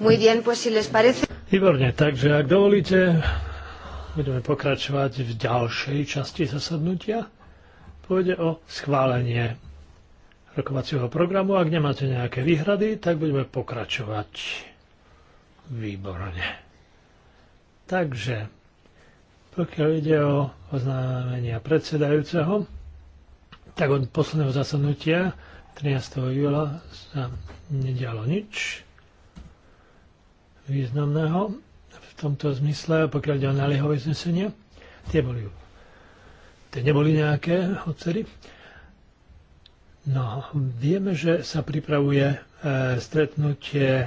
Muy bien, pues si les parece... Výborne, takže ak dovolíte, budeme pokračovať v ďalšej časti zasadnutia. Pôjde o schválenie rokovacieho programu. Ak nemáte nejaké výhrady, tak budeme pokračovať. Výborne. Takže, pokiaľ ide o oznámenia predsedajúceho, tak od posledného zasadnutia 13. júla sa nedialo nič významného v tomto zmysle, pokiaľ ide o naliehové znesenia. Tie boli, tie neboli nejaké odcery. No, vieme, že sa pripravuje e, stretnutie e,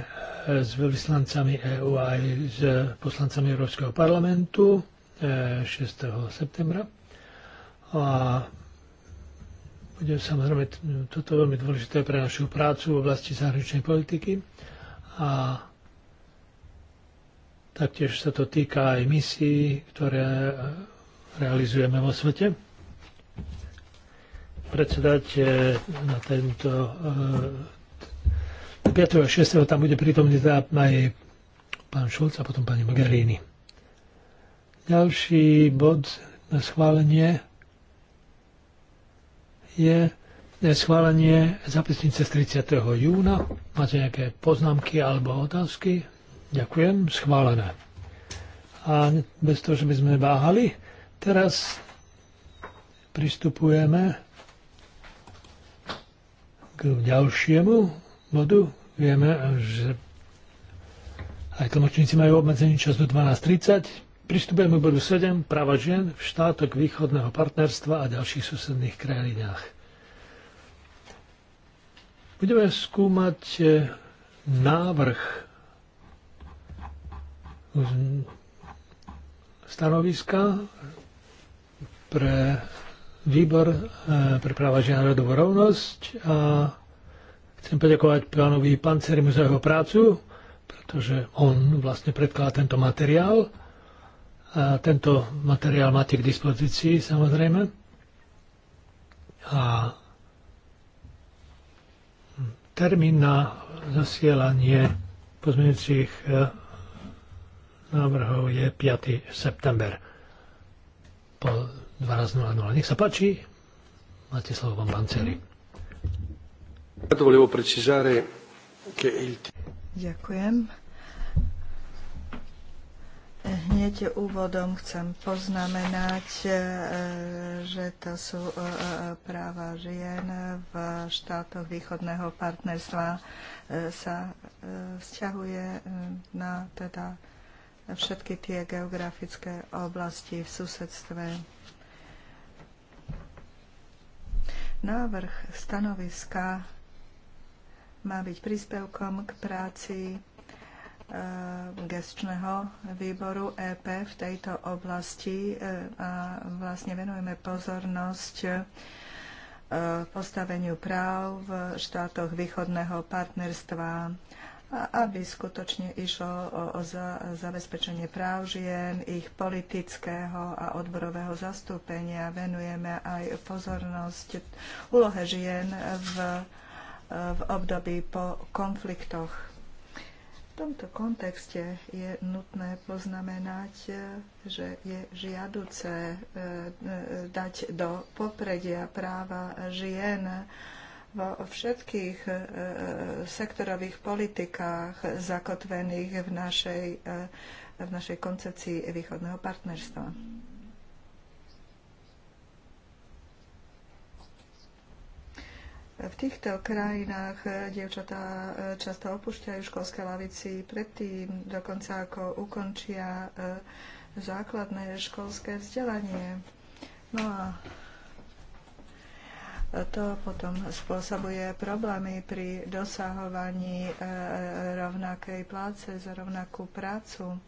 s EU e a aj s poslancami Európskeho parlamentu e, 6. septembra. A bude samozrejme toto veľmi dôležité pre našu prácu v oblasti zahraničnej politiky. A Taktiež sa to týka aj misií, ktoré realizujeme vo svete. Predsedať na tento 5. E, a 6. tam bude prítomný teda aj pán Šulc a potom pani Magarini. Ďalší bod na schválenie je schválenie zapisnice z 30. júna. Máte nejaké poznámky alebo otázky? Ďakujem, schválené. A bez toho, že by sme váhali, teraz pristupujeme k ďalšiemu bodu. Vieme, že aj tlmočníci majú obmedzený čas do 12.30. Pristupujeme k bodu 7, práva žien v štátok východného partnerstva a ďalších susedných krajinách. Budeme skúmať eh, návrh stanoviska pre výbor eh, pre práva žena a rodovú rovnosť a chcem poďakovať pánovi Pancerimu za jeho prácu, pretože on vlastne predkladá tento materiál. A tento materiál máte k dispozícii samozrejme. A termín na zasielanie pozmeňujúcich eh, návrhov je 5. september po 12.00. Nech sa páči, máte slovo pán Celi. Ďakujem. Hneď úvodom chcem poznamenať, e, že to sú e, e, práva žien v štátoch východného partnerstva sa vzťahuje na teda všetky tie geografické oblasti v susedstve. Návrh stanoviska má byť príspevkom k práci e, gestčného výboru EP v tejto oblasti e, a vlastne venujeme pozornosť e, postaveniu práv v štátoch východného partnerstva aby skutočne išlo o, o za, zabezpečenie práv žien, ich politického a odborového zastúpenia. Venujeme aj pozornosť úlohe žien v, v období po konfliktoch. V tomto kontexte je nutné poznamenať, že je žiaduce e, e, dať do popredia práva žien, vo všetkých e, e, sektorových politikách zakotvených v našej, e, v našej koncepcii východného partnerstva. V týchto krajinách dievčatá často opúšťajú školské lavici predtým, dokonca ako ukončia základné školské vzdelanie. No a to potom spôsobuje problémy pri dosahovaní e, e, rovnakej pláce za rovnakú prácu. E,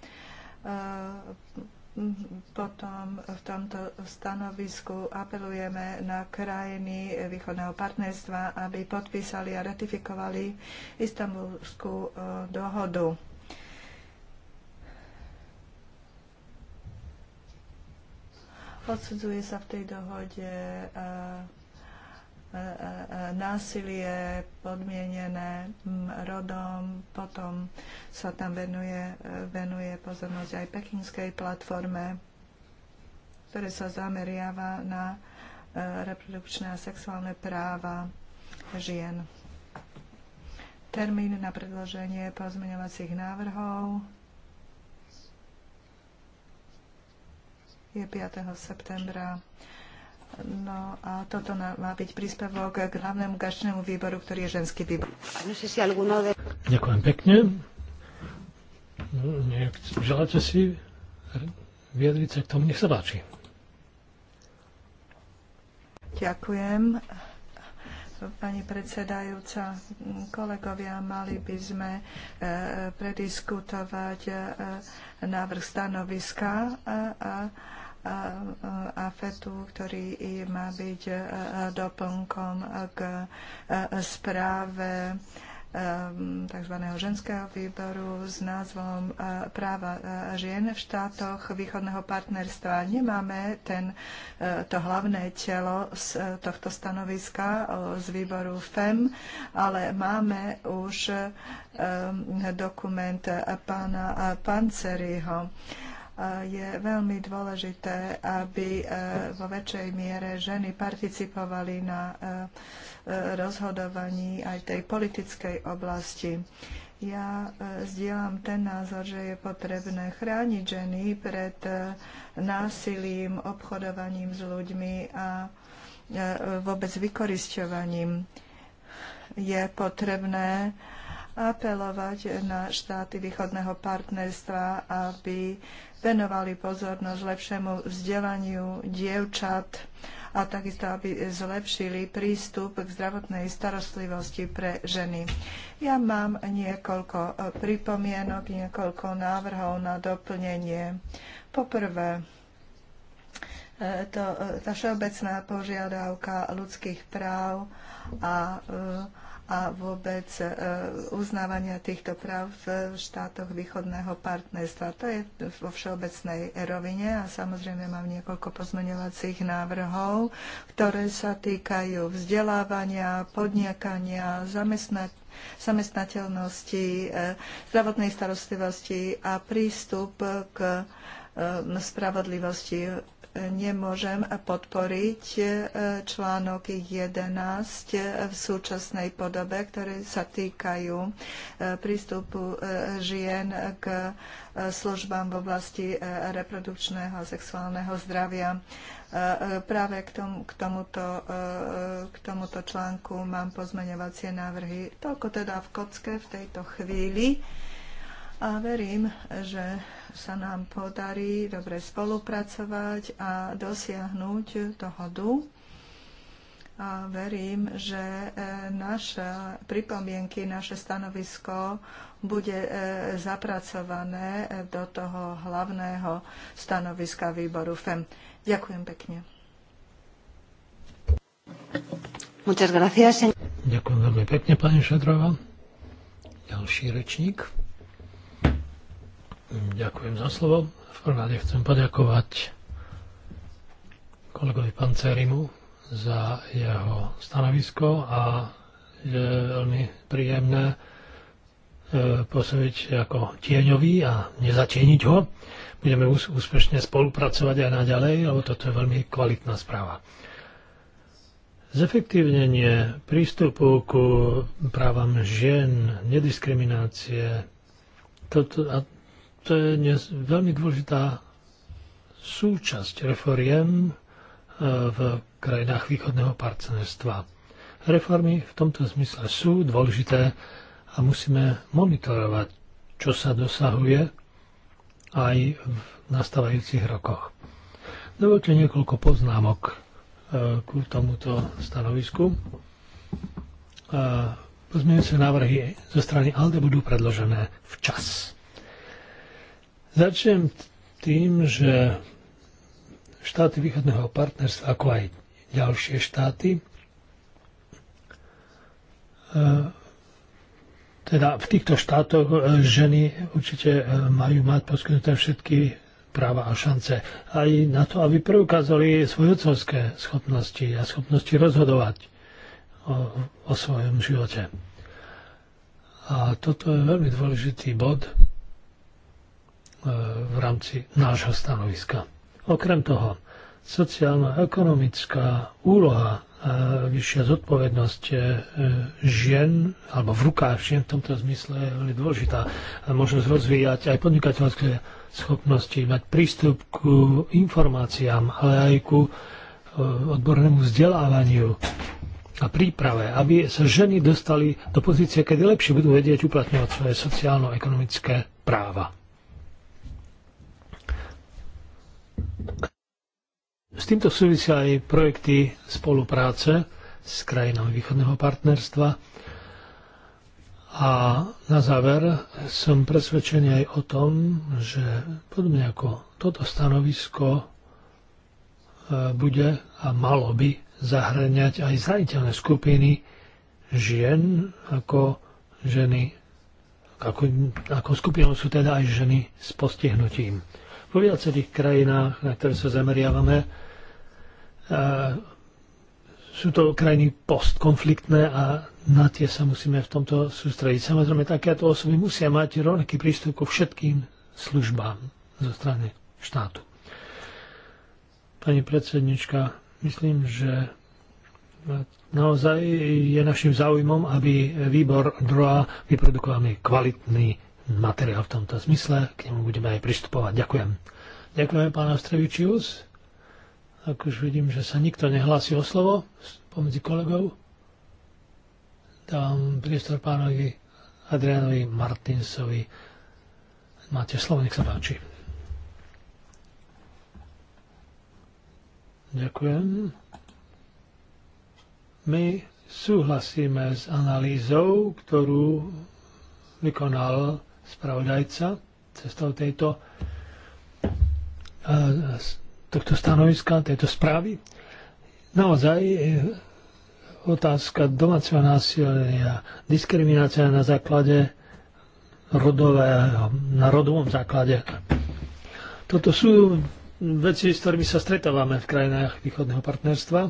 potom v tomto stanovisku apelujeme na krajiny východného partnerstva, aby podpísali a ratifikovali istambulskú dohodu. Odsudzuje sa v tej dohode E, e, násilie podmienené rodom. Potom sa tam venuje, e, venuje pozornosť aj pekinskej platforme, ktoré sa zameriava na reprodukčné a sexuálne práva žien. Termín na predloženie pozmeňovacích návrhov je 5. septembra No a toto má byť príspevok k hlavnému gačnému výboru, ktorý je ženský výbor. No Ďakujem pekne. No, želáte si vyjadriť sa k tomu? Nech sa páči. Ďakujem. Pani predsedajúca, kolegovia, mali by sme e, prediskutovať e, návrh stanoviska a AFETu, ktorý má byť e, e, doplnkom k e, správe ehm, tzv. ženského výboru s názvom Práva žien v štátoch východného partnerstva. Nemáme ten, to hlavné telo z tohto stanoviska z výboru FEM, ale máme už dokument pána Panceriho je veľmi dôležité, aby e, vo väčšej miere ženy participovali na e, e, rozhodovaní aj tej politickej oblasti. Ja zdieľam ten názor, že je potrebné chrániť ženy pred násilím, obchodovaním s ľuďmi a vôbec vykorisťovaním. Je potrebné apelovať na štáty východného partnerstva, aby venovali pozornosť lepšiemu vzdelaniu dievčat a takisto, aby zlepšili prístup k zdravotnej starostlivosti pre ženy. Ja mám niekoľko e, pripomienok, niekoľko návrhov na doplnenie. Poprvé, e, to, e, tá všeobecná požiadavka ľudských práv a a vôbec e, uznávania týchto práv v štátoch východného partnerstva. To je vo všeobecnej rovine a samozrejme mám niekoľko pozmeňovacích návrhov, ktoré sa týkajú vzdelávania, podnikania, zamestnania zamestnateľnosti, e, zdravotnej starostlivosti a prístup k e, spravodlivosti nemôžem podporiť e, článok 11 v súčasnej podobe, ktoré sa týkajú e, prístupu e, žien k službám v oblasti reprodukčného a sexuálneho zdravia. Práve k, tom, k, tomuto, k tomuto článku mám pozmeňovacie návrhy. Toľko teda v kocke v tejto chvíli. A verím, že sa nám podarí dobre spolupracovať a dosiahnuť dohodu. A verím, že e, naše pripomienky, naše stanovisko bude e, zapracované e, do toho hlavného stanoviska výboru FEM. Ďakujem pekne. Ďakujem veľmi pekne, pani Šedrova. Ďalší rečník. Mm, ďakujem za slovo. V prvom rade chcem poďakovať kolegovi Pancerimu za jeho stanovisko a je veľmi príjemné e, posúviť ako tieňový a nezatieniť ho. Budeme úspešne spolupracovať aj naďalej, lebo toto je veľmi kvalitná správa. Zefektívnenie prístupu ku právam žien, nediskriminácie, toto, a to je dnes veľmi dôležitá súčasť reforiem e, v krajinách východného partnerstva. Reformy v tomto zmysle sú dôležité a musíme monitorovať, čo sa dosahuje aj v nastávajúcich rokoch. Dovolte niekoľko poznámok e, k tomuto stanovisku. E, Pozmienujúce návrhy zo strany ALDE budú predložené včas. Začnem tým, že štáty východného partnerstva, ako aj ďalšie štáty, e, teda v týchto štátoch e, ženy určite e, majú mať poskytnuté všetky práva a šance aj na to, aby preukázali svoje ocovské schopnosti a schopnosti rozhodovať o, o svojom živote. A toto je veľmi dôležitý bod, E, v rámci nášho stanoviska. Okrem toho, sociálno-ekonomická úloha a e, vyššia zodpovednosť e, žien, alebo v rukách žien v tomto zmysle je veľmi dôležitá. Možnosť rozvíjať aj podnikateľské schopnosti, mať prístup k informáciám, ale aj ku odbornému vzdelávaniu a príprave, aby sa ženy dostali do pozície, kedy lepšie budú vedieť uplatňovať svoje sociálno-ekonomické práva. S týmto súvisia aj projekty spolupráce s krajinami východného partnerstva. A na záver som presvedčený aj o tom, že podobne ako toto stanovisko e, bude a malo by zahrňať aj zraniteľné skupiny žien ako ženy, ako, ako skupinou sú teda aj ženy s postihnutím. Vo viacerých krajinách, na ktoré sa zameriavame, sú to krajiny postkonfliktné a na tie sa musíme v tomto sústrediť. Samozrejme, takéto osoby musia mať rovnaký prístup ku všetkým službám zo strany štátu. Pani predsednička, myslím, že naozaj je našim záujmom, aby výbor DROA vyprodukoval kvalitný materiál v tomto zmysle, k nemu budeme aj pristupovať. Ďakujem. Ďakujem pán Ostrevičius. Ak už vidím, že sa nikto nehlási o slovo pomedzi kolegov, dám priestor pánovi Adrianovi Martinsovi. Máte slovo, nech sa páči. Ďakujem. My súhlasíme s analýzou, ktorú vykonal spravodajca cestou tejto, eh, tohto stanoviska, tejto správy. Naozaj eh, otázka domáceho násilia, diskriminácia na základe rodového, na rodovom základe. Toto sú veci, s ktorými sa stretávame v krajinách východného partnerstva.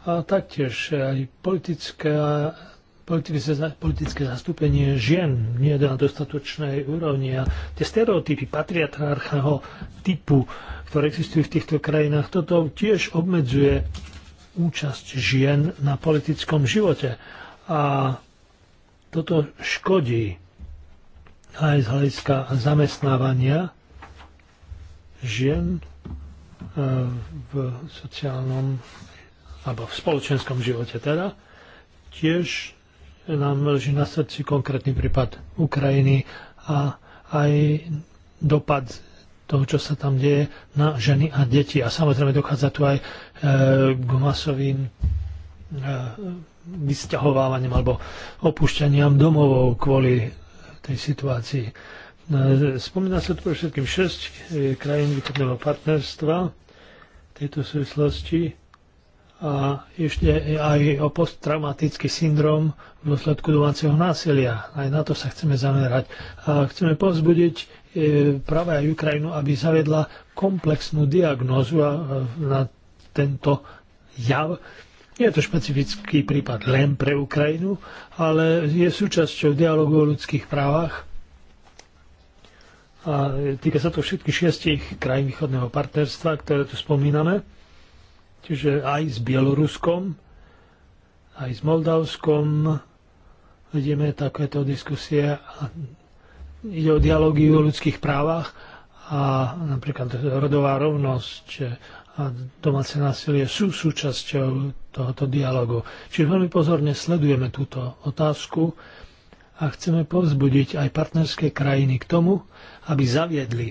A taktiež aj politická politické zastúpenie žien nie je na dostatočnej úrovni a tie stereotypy patriarchálneho typu, ktoré existujú v týchto krajinách, toto tiež obmedzuje účasť žien na politickom živote. A toto škodí aj z hľadiska zamestnávania žien e, v sociálnom alebo v spoločenskom živote teda. Tiež nám leží na srdci konkrétny prípad Ukrajiny a aj dopad toho, čo sa tam deje na ženy a deti. A samozrejme dochádza tu aj e, k masovým e, vysťahovávaním alebo opúšťaniam domovov kvôli tej situácii. E, spomína sa tu pre všetkým 6 krajín východného partnerstva v tejto súvislosti a ešte aj o posttraumatický syndrom v dôsledku domáceho násilia. Aj na to sa chceme zamerať. A chceme povzbudiť e, práve aj Ukrajinu, aby zavedla komplexnú diagnózu e, na tento jav. Nie je to špecifický prípad len pre Ukrajinu, ale je súčasťou dialogu o ľudských právach a týka sa to všetkých šiestich krajín východného partnerstva, ktoré tu spomíname. Čiže aj s Bieloruskom, aj s Moldavskom vedieme takéto diskusie. Ide o dialógy o ľudských právach a napríklad rodová rovnosť a domáce násilie sú súčasťou tohoto dialogu. Čiže veľmi pozorne sledujeme túto otázku a chceme povzbudiť aj partnerské krajiny k tomu, aby zaviedli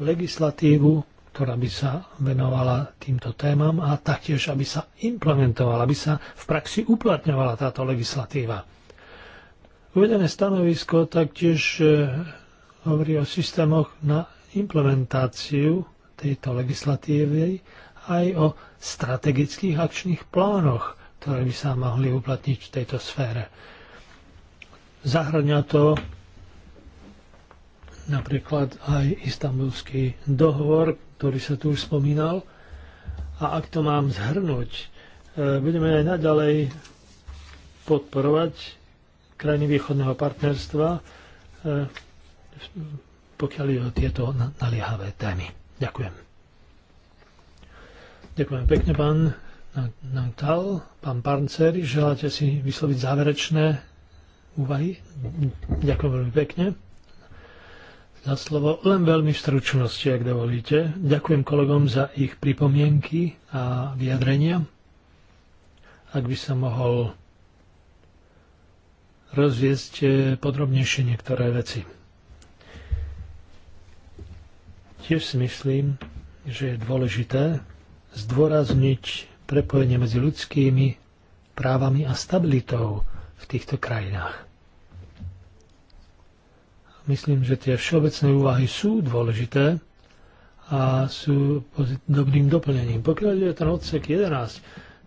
legislatívu ktorá by sa venovala týmto témam a taktiež, aby sa implementovala, aby sa v praxi uplatňovala táto legislatíva. Uvedené stanovisko taktiež e, hovorí o systémoch na implementáciu tejto legislatívy aj o strategických akčných plánoch, ktoré by sa mohli uplatniť v tejto sfére. Zahrňa to napríklad aj istambulský dohovor, ktorý sa tu už spomínal. A ak to mám zhrnúť, e, budeme aj naďalej podporovať krajiny východného partnerstva, e, pokiaľ je o tieto naliehavé témy. Ďakujem. Ďakujem pekne, pán Nantal, pán Parncer. Želáte si vysloviť záverečné úvahy? Ďakujem veľmi pekne za slovo. Len veľmi v stručnosti, ak dovolíte. Ďakujem kolegom za ich pripomienky a vyjadrenia. Ak by sa mohol rozviesť eh, podrobnejšie niektoré veci. Tiež si myslím, že je dôležité zdôrazniť prepojenie medzi ľudskými právami a stabilitou v týchto krajinách. Myslím, že tie všeobecné úvahy sú dôležité a sú dobrým doplnením. Pokiaľ je ten odsek 11,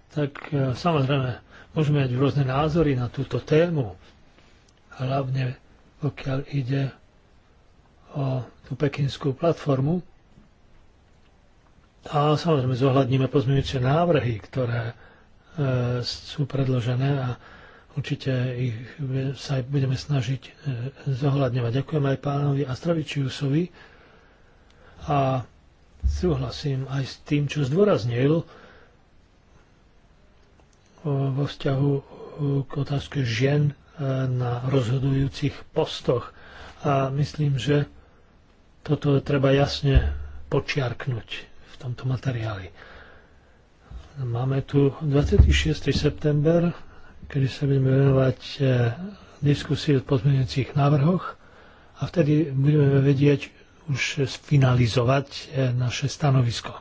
tak e, samozrejme môžeme mať rôzne názory na túto tému, hlavne pokiaľ ide o tú pekinskú platformu. A samozrejme zohľadníme pozmeňujúce návrhy, ktoré e, sú predložené a určite ich sa aj budeme snažiť e, zohľadňovať. Ďakujem aj pánovi Astravičiusovi a súhlasím aj s tým, čo zdôraznil e, vo vzťahu e, k otázke žien na rozhodujúcich postoch. A myslím, že toto treba jasne počiarknúť v tomto materiáli. Máme tu 26. september kedy sa budeme venovať e, diskusii o pozmeňujúcich návrhoch a vtedy budeme vedieť už sfinalizovať e, naše stanovisko.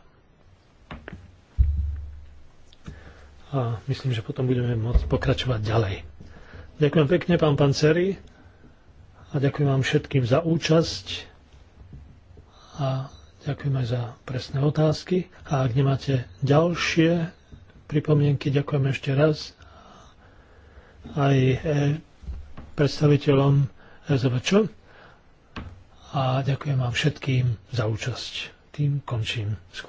A myslím, že potom budeme môcť pokračovať ďalej. Ďakujem pekne, pán Panceri, a ďakujem vám všetkým za účasť a ďakujem aj za presné otázky. A ak nemáte ďalšie pripomienky, ďakujem ešte raz aj e, predstaviteľom ZVČ. a ďakujem vám všetkým za účasť. Tým končím skôr.